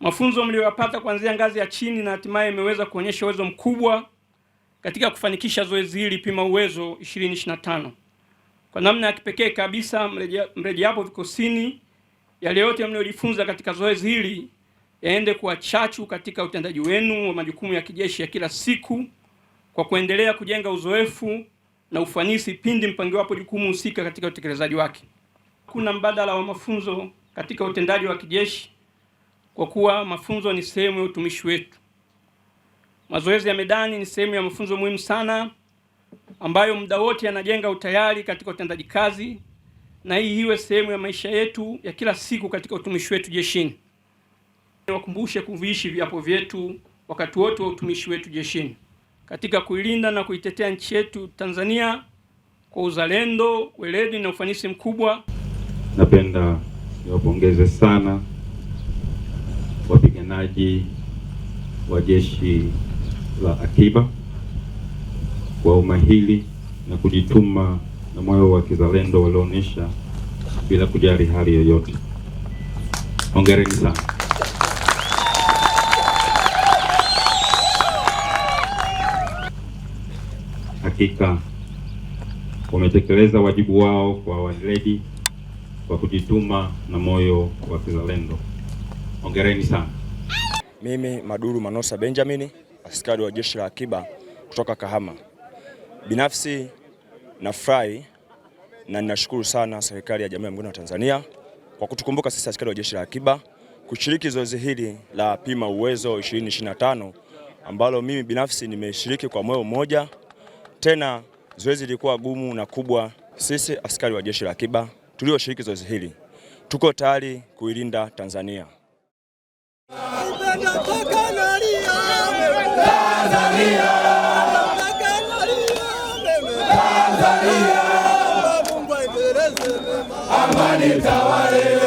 Mafunzo mliyoyapata kuanzia ngazi ya chini na hatimaye imeweza kuonyesha uwezo mkubwa katika kufanikisha zoezi hili Pima Uwezo 2025. Kwa namna ya kipekee kabisa, mrejeapo vikosini yale yote mliyojifunza katika zoezi hili yaende kuwa chachu katika utendaji wenu wa majukumu ya kijeshi ya kila siku kwa kuendelea kujenga uzoefu na ufanisi pindi mpangiwapo jukumu husika katika utekelezaji wake. Kuna mbadala wa mafunzo katika utendaji wa kijeshi kwa kuwa mafunzo ni sehemu ya utumishi wetu. Mazoezi ya medani ni sehemu ya mafunzo muhimu sana ambayo muda wote yanajenga utayari katika utendaji kazi, na hii iwe sehemu ya maisha yetu ya kila siku katika utumishi wetu jeshini. Niwakumbushe kuviishi viapo vyetu wakati wote wa utumishi wetu jeshini katika kuilinda na kuitetea nchi yetu Tanzania kwa uzalendo, weledi na ufanisi mkubwa. Napenda niwapongeze sana wapiganaji wa jeshi la akiba kwa umahili na kujituma na moyo wa kizalendo walioonyesha bila kujali hali yoyote. Hongereni sana. hakika wametekeleza wajibu wao kwa weledi, kwa kujituma na moyo wa kizalendo. Hongereni sana. Mimi Maduru Manosa Benjamin, askari wa jeshi la akiba kutoka Kahama. Binafsi nafurahi na ninashukuru sana serikali ya Jamhuri ya Muungano wa Tanzania kwa kutukumbuka sisi askari wa jeshi la akiba kushiriki zoezi hili la Pima Uwezo 2025 ambalo mimi binafsi nimeshiriki kwa moyo mmoja. Tena zoezi lilikuwa gumu na kubwa. Sisi askari wa jeshi la akiba tulioshiriki zoezi hili tuko tayari kuilinda Tanzania. Tanzania, amani tawale.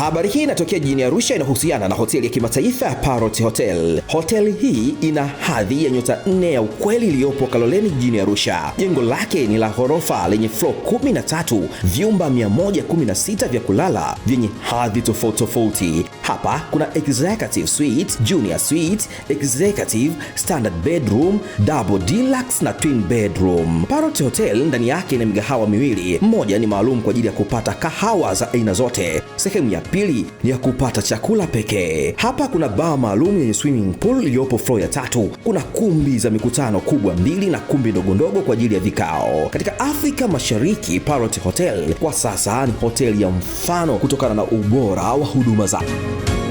Habari hii inatokea jijini Arusha, inahusiana na hoteli ya kimataifa ya Parrot Hotel. Hoteli hii ina hadhi ya nyota nne ya ukweli iliyopo Kaloleni jijini Arusha. Jengo lake ni la ghorofa lenye floor 13, vyumba 116 vya kulala vyenye hadhi tofauti tofauti hapa kuna executive suite, junior suite, executive, standard bedroom, double deluxe na twin bedroom. Parrot Hotel ndani yake ina migahawa miwili, mmoja ni maalum kwa ajili ya kupata kahawa za aina zote, sehemu ya pili ni ya kupata chakula pekee. Hapa kuna baa maalum yenye swimming pool iliyopo floor ya tatu. Kuna kumbi za mikutano kubwa mbili na kumbi ndogondogo kwa ajili ya vikao. Katika Afrika Mashariki, Parrot Hotel kwa sasa ni hoteli ya mfano kutokana na ubora wa huduma zake. you